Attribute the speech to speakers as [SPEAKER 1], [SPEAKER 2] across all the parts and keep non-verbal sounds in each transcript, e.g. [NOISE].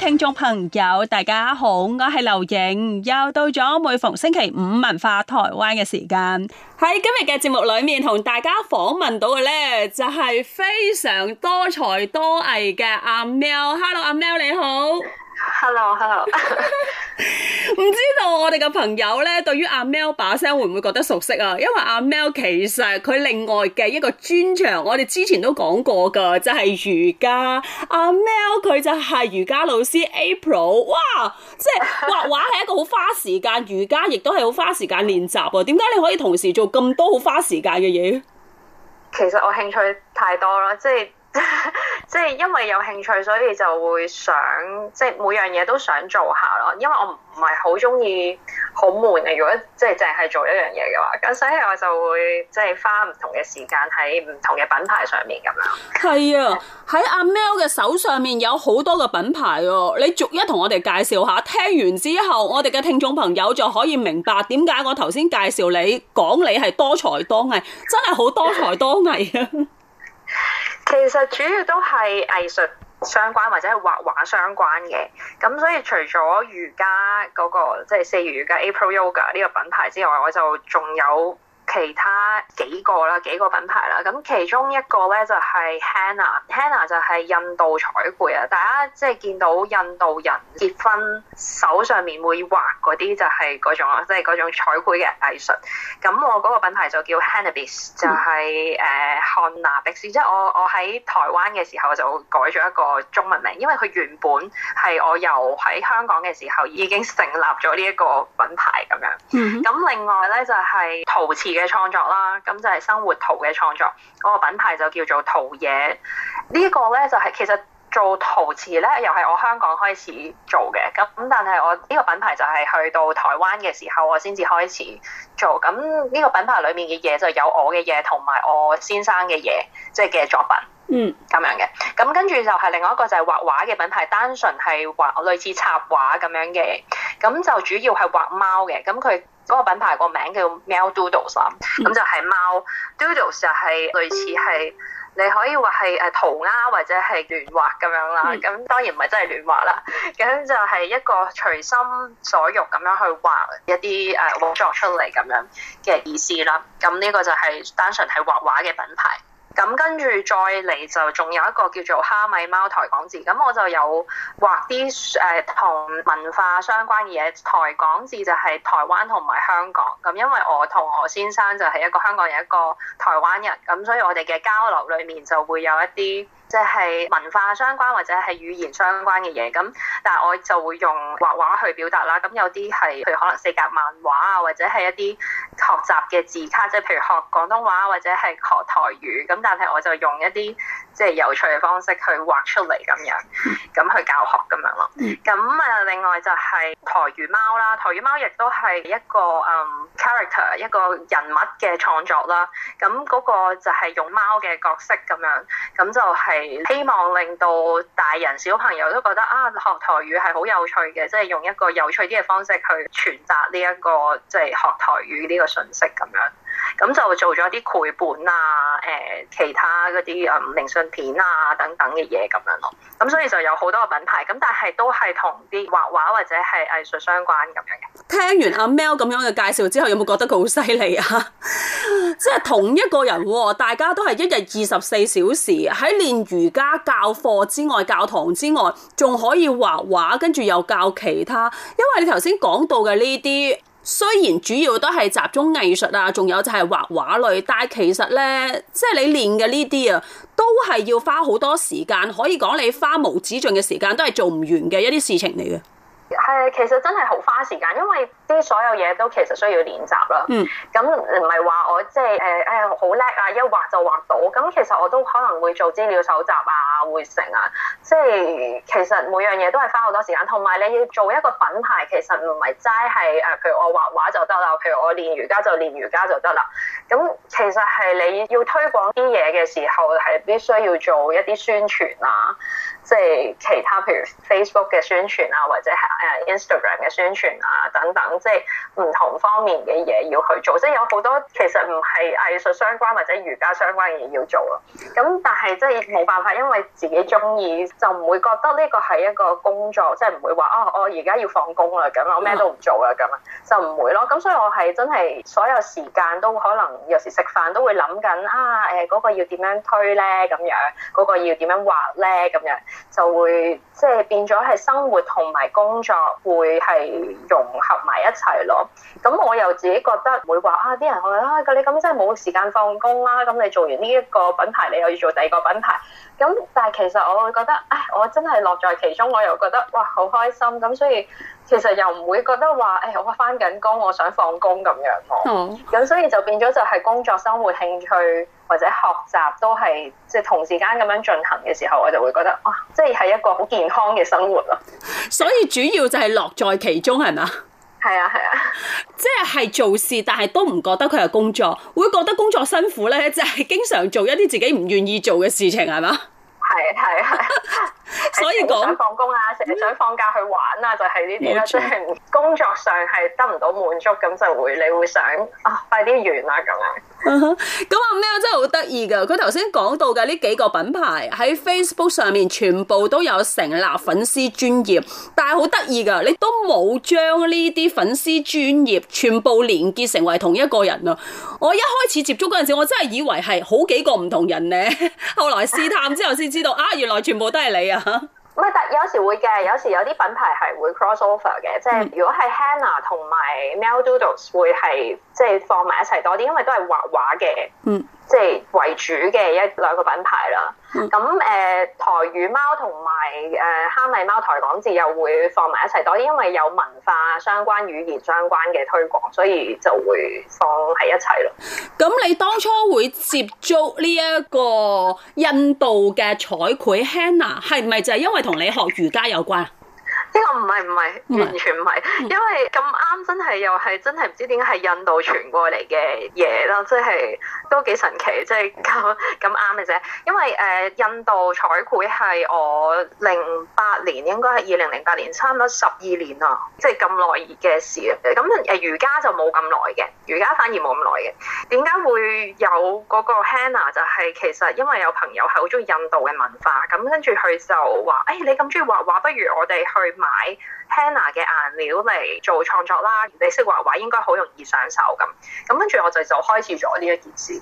[SPEAKER 1] 聽眾朋友，大家好，我係劉瑩，又到咗每逢星期五文化台灣嘅時間。喺今日嘅節目裏面同大家訪問到嘅呢，就係、是、非常多才多藝嘅阿喵。Hello，阿喵，你好。Hello，Hello，唔 hello, [LAUGHS] [LAUGHS] 知道我哋嘅朋友咧，對於阿 Mel 把聲會唔會覺得熟悉啊？因為阿 Mel 其實佢另外嘅一個專長，我哋之前都講過噶，就係、是、瑜伽。阿 Mel 佢就係瑜伽老師 April，哇！即係畫畫係一個好花時間，瑜伽亦都係好花時間練習啊。點解你可以同時做咁多好花時間嘅嘢？
[SPEAKER 2] 其實我興趣太多啦，即係。即係 [LAUGHS] 因為有興趣，所以就會想即係每樣嘢都想做下咯。因為我唔係好中意好悶嘅，如果即係淨係做一樣嘢嘅話，咁所以我就會即係花唔同嘅時間喺唔同嘅品牌上面咁樣。
[SPEAKER 1] 係啊，喺阿 Mel 嘅手上面有好多個品牌哦，啊。你逐一同我哋介紹下，聽完之後我哋嘅聽眾朋友就可以明白點解我頭先介紹你講你係多才多藝，真係好多才多藝啊！ [LAUGHS]
[SPEAKER 2] 其實主要都係藝術相關或者係畫畫相關嘅，咁所以除咗瑜伽嗰個即係四月瑜伽 April Yoga 呢個品牌之外，我就仲有，其他幾個啦，幾個品牌啦，咁其中一個咧就係 Henna，Henna 就係印度彩繪啊！大家即係見到印度人結婚手上面會畫啲，就係嗰種啊，即係種彩繪嘅藝術，咁我嗰個品牌就叫 Henna，就係 mm hmm. 呃、Bis 就係誒漢娜碧斯。即係我我喺台灣嘅時候就改咗一個中文名，因為佢原本係我由喺香港嘅時候已經成立咗呢一個品牌咁樣嗯。咁、mm hmm. 另外咧就係陶瓷。嘅創作啦，咁就係生活陶嘅創作，我、那個品牌就叫做陶野。這個、呢個咧就係、是、其實做陶瓷咧，又係我香港開始做嘅，咁但係我呢個品牌就係去到台灣嘅時候，我先至開始做。咁呢個品牌裏面嘅嘢，就有我嘅嘢同埋我先生嘅嘢，即係嘅作品，嗯，咁樣嘅。咁跟住就係另外一個就係畫畫嘅品牌，單純係畫類似插畫咁樣嘅，咁就主要係畫貓嘅，咁佢。嗰個品牌個名叫貓 doodles，咁就係貓 doodles 就係類似係你可以話係誒塗鴉或者係亂畫咁樣啦，咁當然唔係真係亂畫啦，咁就係一個隨心所欲咁樣去畫一啲誒、呃、作出嚟咁樣嘅意思啦。咁呢個就係單純係畫畫嘅品牌。咁跟住再嚟就仲有一個叫做蝦米貓台港字，咁我就有畫啲誒同文化相關嘅嘢，台港字就係台灣同埋香港。咁因為我同我先生就係一個香港人一個台灣人，咁所以我哋嘅交流裏面就會有一啲。即係文化相關或者係語言相關嘅嘢，咁但係我就會用畫畫去表達啦。咁有啲係，譬如可能四格漫畫啊，或者係一啲學習嘅字卡，即係譬如學廣東話或者係學台語，咁但係我就用一啲。即係有趣嘅方式去畫出嚟咁樣，咁去教學咁樣咯。咁啊，另外就係台語貓啦，台語貓亦都係一個、um, character 一個人物嘅創作啦。咁嗰個就係用貓嘅角色咁樣，咁就係希望令到大人小朋友都覺得啊，學台語係好有趣嘅，即係用一個有趣啲嘅方式去傳達呢一個即係學台語呢個信息咁樣。咁就做咗啲繪本啊，誒其他嗰啲誒明信片啊等等嘅嘢咁樣咯。咁所以就有好多個品牌，咁但係都係同啲畫畫或者係藝術相關咁樣嘅。
[SPEAKER 1] 聽完阿 Mel 咁樣嘅介紹之後，有冇覺得佢好犀利啊？即 [LAUGHS] 係同一個人喎、啊，大家都係一日二十四小時喺練瑜伽教課之外、教堂之外，仲可以畫畫，跟住又教其他。因為你頭先講到嘅呢啲。雖然主要都係集中藝術啊，仲有就係畫畫類，但係其實咧，即係你練嘅呢啲啊，都係要花好多時間，可以講你花無止盡嘅時間，都係做唔完嘅一啲事情嚟嘅。
[SPEAKER 2] 係，其實真係好花時間，因為，啲所有嘢都其實需要練習啦。嗯，咁唔係話我即係誒誒好叻啊，一畫就畫到。咁其實我都可能會做資料搜集啊、會成啊。即係其實每樣嘢都係花好多時間，同埋你要做一個品牌，其實唔係齋係誒譬如我畫畫就得啦，譬如我練瑜伽就練瑜伽就得啦。咁其實係你要推廣啲嘢嘅時候，係必須要做一啲宣傳啊，即係其他譬如 Facebook 嘅宣傳啊，或者係誒 Instagram 嘅宣傳啊等等。即係唔同方面嘅嘢要去做，即係有好多其實唔係藝術相關或者瑜伽相關嘅嘢要做咯。咁但係即係冇辦法，因為自己中意就唔會覺得呢個係一個工作，即係唔會話哦，哦我而家要放工啦咁，我咩都唔做啦咁，就唔會咯。咁所以我係真係所有時間都可能有時食飯都會諗緊啊誒、欸嗰個要點樣推咧咁樣、嗰個要點樣畫咧咁樣就會即係變咗係生活同埋工作會係融合埋一。一齊咯，咁我又自己覺得會話啊，啲人話啊，你咁真係冇時間放工啦，咁你做完呢一個品牌，你又要做第二個品牌，咁但係其實我會覺得，唉，我真係樂在其中，我又覺得哇，好開心，咁所以其實又唔會覺得話，唉，我翻緊工，我想放工咁樣，嗯，咁所以就變咗就係工作、生活、興趣或者學習都係即係同時間咁樣進行嘅時候，我就會覺得哇，即係一個好健康嘅生活咯。
[SPEAKER 1] 所以主要就係樂在其中係咪？係啊係啊，即係做事，但係都唔覺得佢係工作，會覺得工作辛苦咧，就係、是、經常做一啲自己唔願意做嘅事情，係嘛？係
[SPEAKER 2] 係係，所以講說 想放工啊，成日想放假去玩啊，就係呢啲啦，沒錯 即係工作上係得唔到滿足，咁就會你會想啊，快啲完啦咁樣。
[SPEAKER 1] 咁阿 May 真係好得意噶，佢頭先講到嘅呢幾個品牌喺 Facebook 上面全部都有成立粉絲專頁，但係好得意噶，你都冇將呢啲粉絲專頁全部連結成為同一個人啊！我一開始接觸嗰陣時，我真係以為係好幾個唔同人呢。後來試探之後先知道啊，原來全部都係你啊！
[SPEAKER 2] 唔但有時會嘅。有時有啲品牌係會 crossover 嘅，即係如果係 Hannah 同埋 Mel Doodles 會係即係放埋一齊多啲，因為都係畫畫嘅。嗯。即係為主嘅一兩個品牌啦。咁誒、呃、台語貓同埋誒蝦米貓台港字又會放埋一齊多啲，因為有文化相關、語言相關嘅推廣，所以就會放喺
[SPEAKER 1] 一齊咯。咁你當初會接觸呢一個印度嘅彩繪 Henna，係咪就係因為同你學瑜伽有關？
[SPEAKER 2] 呢個唔係唔係完全唔係，因為咁啱真係又係真係唔知點解係印度傳過嚟嘅嘢咯，即係都幾神奇，即係咁咁啱嘅啫。因為誒、呃、印度彩繪係我零八年，應該係二零零八年，差唔多十二年啦，即係咁耐嘅事。咁、呃、誒瑜伽就冇咁耐嘅，瑜伽反而冇咁耐嘅。點解會有嗰個 Henna？就係其實因為有朋友係好中意印度嘅文化，咁跟住佢就話，誒、哎、你咁中意畫畫，不如我哋去。買 Hannah 嘅顏料嚟做創作啦，你識畫畫應該好容易上手咁。咁跟住我就就開始咗呢一件事。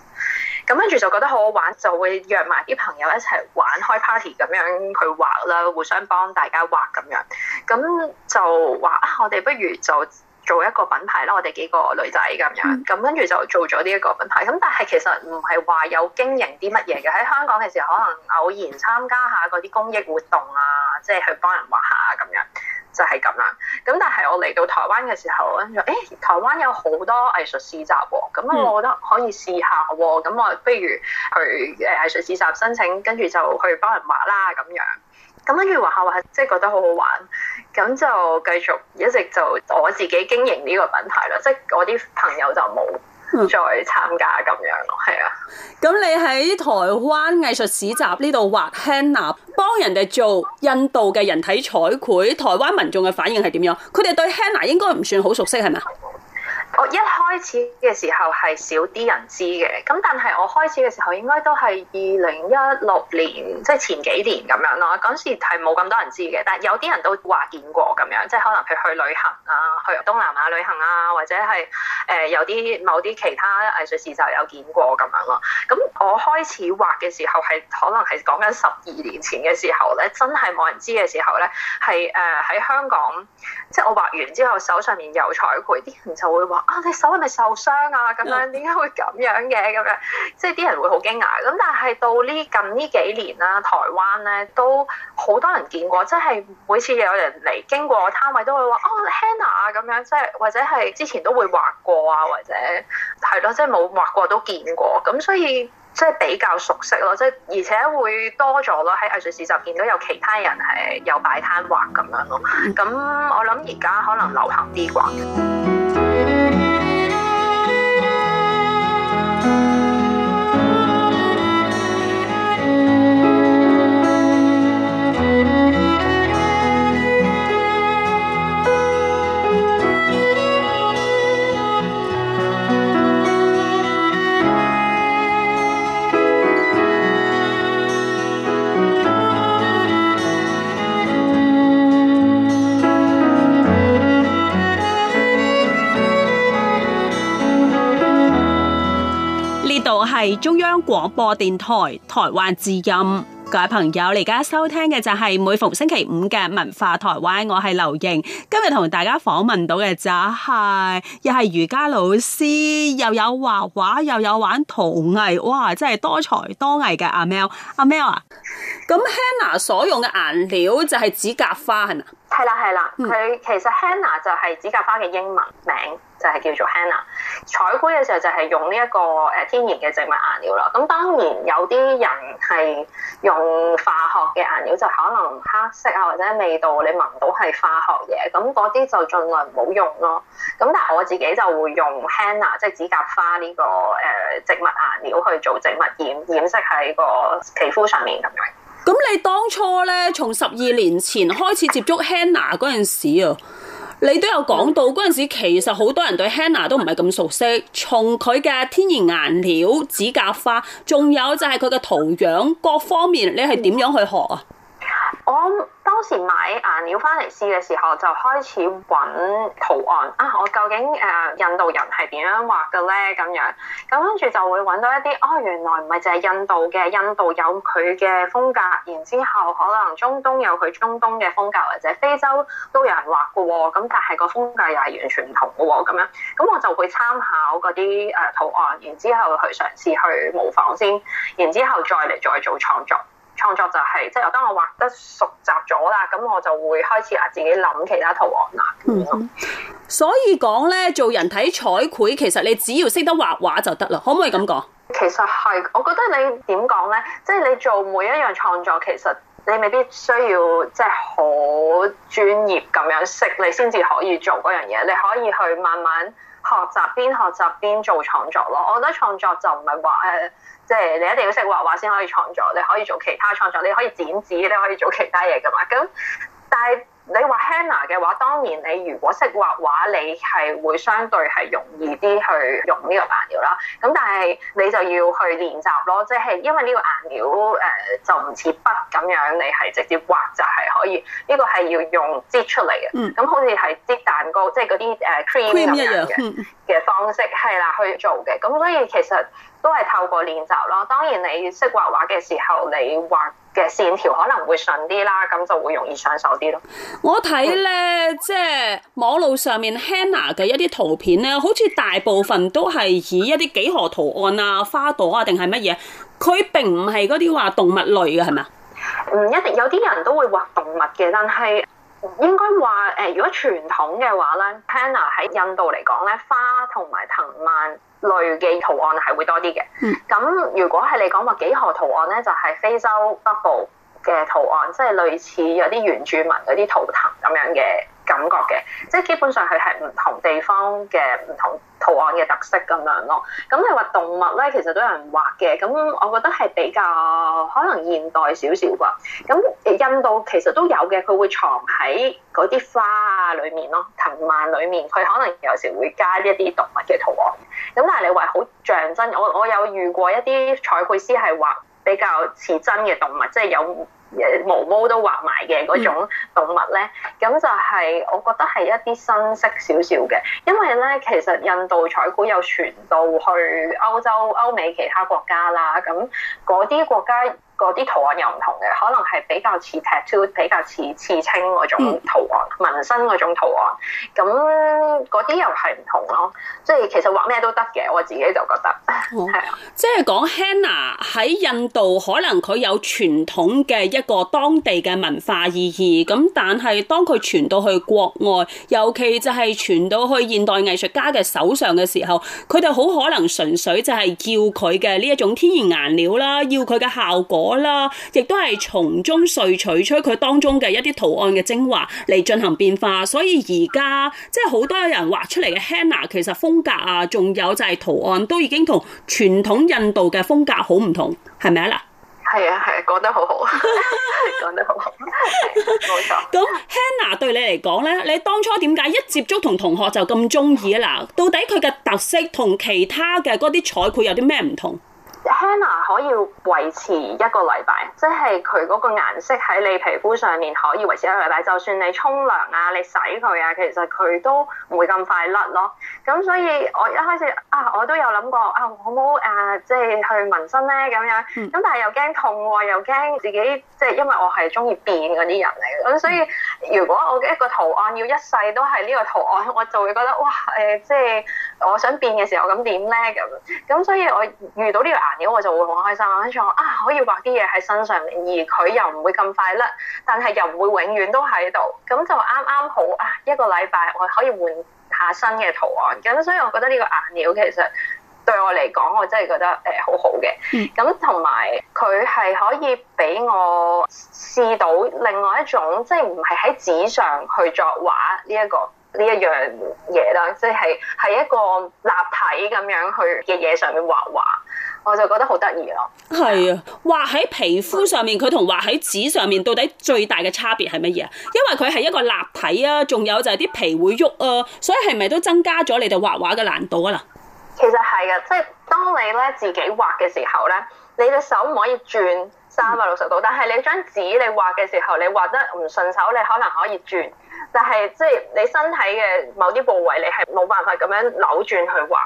[SPEAKER 2] 咁跟住就覺得好好玩，就會約埋啲朋友一齊玩開 party 咁樣去畫啦，互相幫大家畫咁樣。咁就話啊，我哋不如就做一個品牌啦，我哋幾個女仔咁樣。咁跟住就做咗呢一個品牌。咁但係其實唔係話有經營啲乜嘢嘅。喺香港嘅時候，可能偶然參加下嗰啲公益活動啊。即係去幫人畫下咁、就是、樣，就係咁樣。咁但係我嚟到台灣嘅時候，跟住誒，台灣有好多藝術市集，咁我覺得可以試下。咁我不如去誒藝術市集申請，跟住就去幫人畫啦咁樣。咁跟住畫下畫，係即係覺得好好玩，咁就繼續一直就我自己經營呢個品牌啦。即、就、係、是、我啲朋友就冇。再參
[SPEAKER 1] 加咁樣咯，係啊。咁你喺台灣藝術市集呢度畫 Henna，幫人哋做印度嘅人體彩繪，台灣民眾嘅反應係點樣？佢哋對 Henna 應該唔算好熟悉，係咪？
[SPEAKER 2] 一開始嘅時候係少啲人知嘅，咁但係我開始嘅時候應該都係二零一六年，即係前幾年咁樣咯。嗰時係冇咁多人知嘅，但係有啲人都話見過咁樣，即係可能佢去旅行啊，去東南亞旅行啊，或者係誒有啲某啲其他藝術事就有見過咁樣咯。咁我開始畫嘅時候係可能係講緊十二年前嘅時候咧，真係冇人知嘅時候咧，係誒喺香港，即係我畫完之後手上面有彩繪，啲人就會話。啊、你手係咪受傷啊？咁樣點解會咁樣嘅？咁樣即係啲人會好驚訝。咁但係到呢近呢幾年啦，台灣咧都好多人見過，即係每次有人嚟經過攤位都會話：哦，Hannah 啊咁樣。即係或者係之前都會畫過啊，或者係咯，即係冇畫過都見過。咁所以即係比較熟悉咯，即係而且會多咗咯。喺藝術市集見到有其他人係有擺攤畫咁樣咯。咁我諗而家可能流行啲啩。
[SPEAKER 1] 播電台台灣之音，各位朋友，你而家收聽嘅就係每逢星期五嘅文化台灣，我係劉瑩。今日同大家訪問到嘅就係、是、又係瑜伽老師，又有畫畫，又有玩陶藝，哇，真係多才多藝嘅阿 Mel，阿 Mel 啊！咁 Hannah 所用嘅顏料就係指甲花係咪？係啦係啦，佢、嗯、
[SPEAKER 2] 其實 Hannah 就係指甲花嘅英文名。就係叫做 Henna，彩繪嘅時候就係用呢一個誒天然嘅植物顏料啦。咁當然有啲人係用化學嘅顏料，就可能黑色啊，或者味道你聞到係化學嘢，咁嗰啲就儘量唔好用咯。咁但係我自己就會用 Henna，即係指甲花呢個誒植物顏料去做植物染染色喺個皮膚上面咁樣。
[SPEAKER 1] 咁你當初咧，從十二年前開始接觸 Henna 嗰陣時啊～你都有講到嗰陣時，其實好多人對 Hannah 都唔係咁熟悉，從佢嘅天然顏料、指甲花，仲有就係佢嘅圖樣各方面，你係點樣去學啊？
[SPEAKER 2] 我。當時買顏料翻嚟試嘅時候，就開始揾圖案啊！我究竟誒、啊、印度人係點樣畫嘅咧？咁樣咁跟住就會揾到一啲哦、啊，原來唔係淨係印度嘅，印度有佢嘅風格。然之後可能中東有佢中東嘅風格，或者非洲都有人畫嘅喎。咁但係個風格又係完全唔同嘅喎。咁樣咁我就會參考嗰啲誒圖案，然之後去嘗試去模仿先，然之後再嚟再做創作。創作就係，即係我當我畫得熟習咗啦，咁我就會開始啊自己諗其他圖案
[SPEAKER 1] 啦。嗯，所以講咧，做人體彩繪其實你只要識得畫畫就得啦，可唔可以咁講？
[SPEAKER 2] 其實係，我覺得你點講咧，即係你做每一樣創作，其實你未必需要即係好專業咁樣識，你先至可以做嗰樣嘢。你可以去慢慢學習邊學習邊做創作咯，我覺得創作就唔係話誒，即係你一定要識畫畫先可以創作，你可以做其他創作，你可以剪紙，你可以做其他嘢噶嘛，咁但係。你話 Hannah 嘅話，當然你如果識畫畫，你係會相對係容易啲去用呢個顏料啦。咁但係你就要去練習咯，即係因為呢個顏料誒就唔似筆咁樣，你係直接畫就係可以。呢個係要用擠出嚟嘅，咁好似係擠蛋糕，即係嗰啲誒 cream 一樣嘅嘅方式，係啦去做嘅。咁所以其實。都係透過練習咯，當然你識畫畫嘅時候，你畫嘅線條可能會順啲啦，咁就會容易上手啲咯。
[SPEAKER 1] 我睇咧，即係網路上面 Hannah 嘅一啲圖片咧，好似大部分都係以一啲幾何圖案啊、花朵啊定係乜嘢，佢並唔係嗰啲畫動物類嘅，係咪啊？
[SPEAKER 2] 唔一定，有啲人都會畫動物嘅，但係。應該話誒、呃，如果傳統嘅話咧，pana 喺印度嚟講咧，花同埋藤蔓類嘅圖案係會多啲嘅。咁如果係你講話幾何圖案咧，就係、係、非洲北部嘅圖案，即、就、係、係、類似有啲原住民嗰啲圖騰咁樣嘅感覺嘅。即係基本上佢係唔同地方嘅唔同圖案嘅特色咁樣咯，咁你話動物咧，其實都有人畫嘅，咁我覺得係比較可能現代少少啩。咁印度其實都有嘅，佢會藏喺嗰啲花啊裡面咯，藤蔓裡面，佢可能有時會加一啲動物嘅圖案。咁但係你話好像真，我我有遇過一啲彩繪師係畫比較似真嘅動物，即係有。毛毛都畫埋嘅嗰種動物咧，咁就係、是、我覺得係一啲新式少少嘅，因為咧其實印度彩繪有傳到去歐洲、歐美其他國家啦，咁嗰啲國家嗰啲圖案又唔同嘅，可能係比較似 tattoo，比較似刺青嗰種圖案。紋身嗰種圖案，咁嗰啲又係唔同咯。即係其實畫咩
[SPEAKER 1] 都得嘅，我自己就覺得係啊。即係講 Henna 喺印度，可能佢有傳統嘅一個當地嘅文化意義。咁但係當佢傳到去國外，尤其就係傳到去現代藝術家嘅手上嘅時候，佢哋好可能純粹就係要佢嘅呢一種天然顏料啦，要佢嘅效果啦，亦都係從中萃取出佢當中嘅一啲圖案嘅精華嚟進行變化，所以而家即係好多人畫出嚟嘅 Henna 其實風格啊，仲有就係圖案都已經同傳統印度嘅風格好唔同，係咪啊嗱？係啊係啊，講、啊、得好好，講得好好，冇錯。咁 Henna 對你嚟講咧，你當初點解一接觸同同學就咁中意啊嗱？到底佢嘅特色同其他嘅嗰啲彩繪有啲咩唔同？
[SPEAKER 2] henna 可以維持一個禮拜，即係佢嗰個顏色喺你皮膚上面可以維持一個禮拜，就算你沖涼啊、你洗佢啊，其實佢都唔會咁快甩咯。咁、嗯、所以我一開始啊，我都有諗過啊，好唔好誒，即係去紋身咧咁樣。咁但係又驚痛喎、啊，又驚自己即係，因為我係中意變嗰啲人嚟嘅。咁、嗯、所以如果我一個圖案要一世都係呢個圖案，我就會覺得哇誒、呃，即係。我想變嘅時候，我咁點咧咁咁，所以我遇到呢個顏料，我就會好開心。跟住我啊，可以畫啲嘢喺身上面，而佢又唔會咁快甩，但係又唔會永遠都喺度。咁就啱啱好啊，一個禮拜我可以換下新嘅圖案。咁所以我覺得呢個顏料其實對我嚟講，我真係覺得誒、呃、好好嘅。咁同埋佢係可以俾我試到另外一種，即係唔係喺紙上去作畫呢一、呢個。呢一樣嘢啦，即係係一個立體咁樣去嘅嘢上面畫畫，我就覺得好得意咯。
[SPEAKER 1] 係啊，畫喺皮膚上面，佢同畫喺紙上面到底最大嘅差別係乜嘢啊？因為佢係一個立體啊，仲有就係啲皮會喐啊，所以係咪都增加咗你哋畫畫嘅難度啊？嗱，其實係啊，即係
[SPEAKER 2] 當你咧自己畫嘅時候咧，你隻手唔可以轉三百六十度，但係你張紙你畫嘅時候，你畫得唔順手，你可能可以轉。但係即係你身體嘅某啲部位，你係冇辦法咁樣扭轉去畫，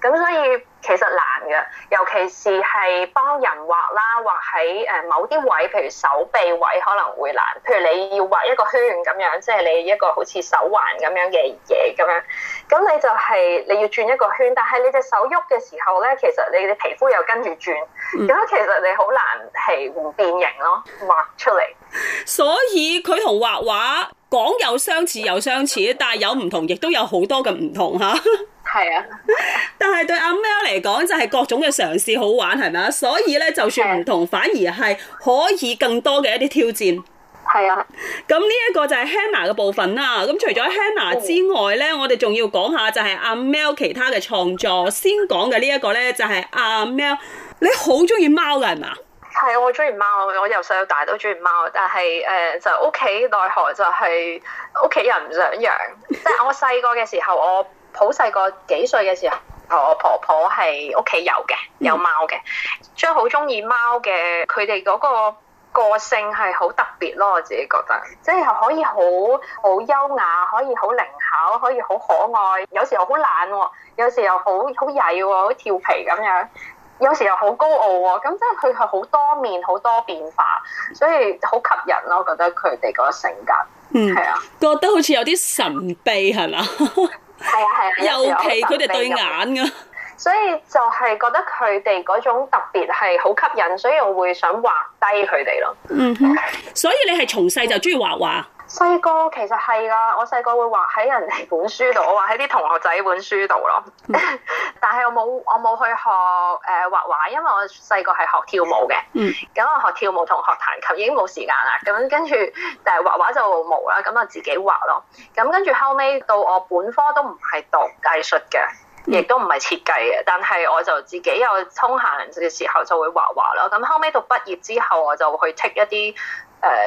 [SPEAKER 2] 咁所以其實難嘅。尤其是係幫人畫啦，畫喺誒某啲位，譬如手臂位可能會難。譬如你要畫一個圈咁樣，即係你一個好似手環咁樣嘅嘢咁樣，咁你就係、是、你要轉一個圈，但係你隻手喐嘅時候
[SPEAKER 1] 咧，其實你嘅皮膚又跟住轉，咁、嗯、其實你好難係唔變形咯，畫出嚟。所以佢同畫畫。講又相似又相似，但係有唔同，亦都有好多嘅唔同吓。係啊，但係對阿 Mel 嚟講，就係、是、各種嘅嘗試好玩，係咪啊？所以咧，就算唔同，啊、反而係可以更多嘅一啲挑戰。係啊，咁呢一個就係 Hannah 嘅部分啦。咁除咗 Hannah 之外咧，哦、我哋仲要講下就係阿 Mel 其他嘅創作。先講嘅呢一個咧，就係阿 Mel，你好中意貓噶係咪啊？
[SPEAKER 2] 係，我中意貓。我由細到大都中意貓，但係誒、呃，就屋企奈何就係屋企人唔想養。即係我細個嘅時候，我好細個幾歲嘅時候，我婆婆係屋企有嘅，有貓嘅。將好中意貓嘅，佢哋嗰個個性係好特別咯。我自己覺得，即係可以好好優雅，可以好靈巧，可以好可愛。有時候好懶，有時候好好曳，好調皮咁樣。有時又好高傲喎、哦，咁即係佢係好多面，好多變化，所以好吸引咯。我覺得佢哋個性格，嗯，係啊，
[SPEAKER 1] 覺得好似有啲神秘係嘛，
[SPEAKER 2] 係啊係啊，啊尤其佢哋對眼噶，所以就係覺得佢哋嗰種特別係好吸引，所以我會想畫低佢哋咯。嗯哼，
[SPEAKER 1] 所以你係從細就中意畫畫？
[SPEAKER 2] 細個其實係噶，我細個會畫喺人哋本書度，我畫喺啲同學仔本書度咯。 [LAUGHS] 但係我冇我冇去學誒、呃、畫畫，因為我細個係學跳舞嘅。咁、嗯、我學跳舞同學彈琴已經冇時間啦。咁跟住，但係畫畫就冇啦。咁啊自己畫咯。咁跟住後尾到我本科都唔係讀藝術嘅。亦都唔係設計嘅，但係我就自己有通閒嘅時候就會畫畫啦。咁後尾到畢業之後，我就會去 take 一啲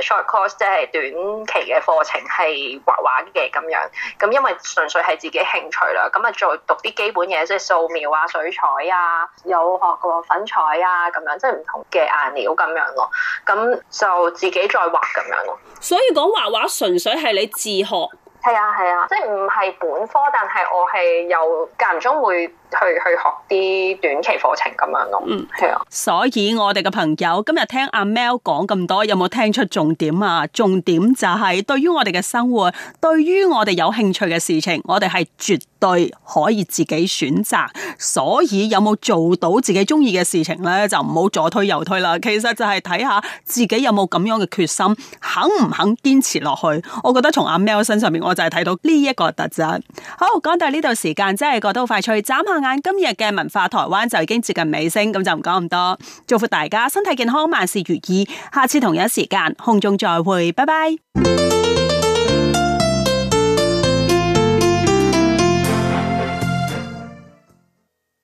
[SPEAKER 2] 誒 short course，即係短期嘅課程係畫畫嘅咁樣。咁因為純粹係自己興趣啦。咁啊，再讀啲基本嘢，即係素描啊、水彩啊，有學過粉彩啊咁樣，即係唔同嘅顏料咁樣咯。咁就
[SPEAKER 1] 自己再畫咁樣咯。所以講畫畫純粹係你自學？係啊係
[SPEAKER 2] 啊，即係唔係本科，但係我係有間唔中會去去學啲短期課程咁樣咯。啊、嗯，係啊。
[SPEAKER 1] 所以我哋嘅朋友今日聽阿 Mel 講咁多，有冇聽出重點啊？重點就係、是、對於我哋嘅生活，對於我哋有興趣嘅事情，我哋係絕。對，可以自己選擇，所以有冇做到自己中意嘅事情呢？就唔好左推右推啦。其實就係睇下自己有冇咁樣嘅決心，肯唔肯堅持落去？我覺得從阿 Mel 身上面，我就係睇到呢一個特質。好，講到呢度，時間真係過得好快脆，眨下眼今日嘅文化台灣就已經接近尾聲，咁就唔講咁多。祝福大家身體健康，萬事如意。下次同一時間，空中再會，拜拜。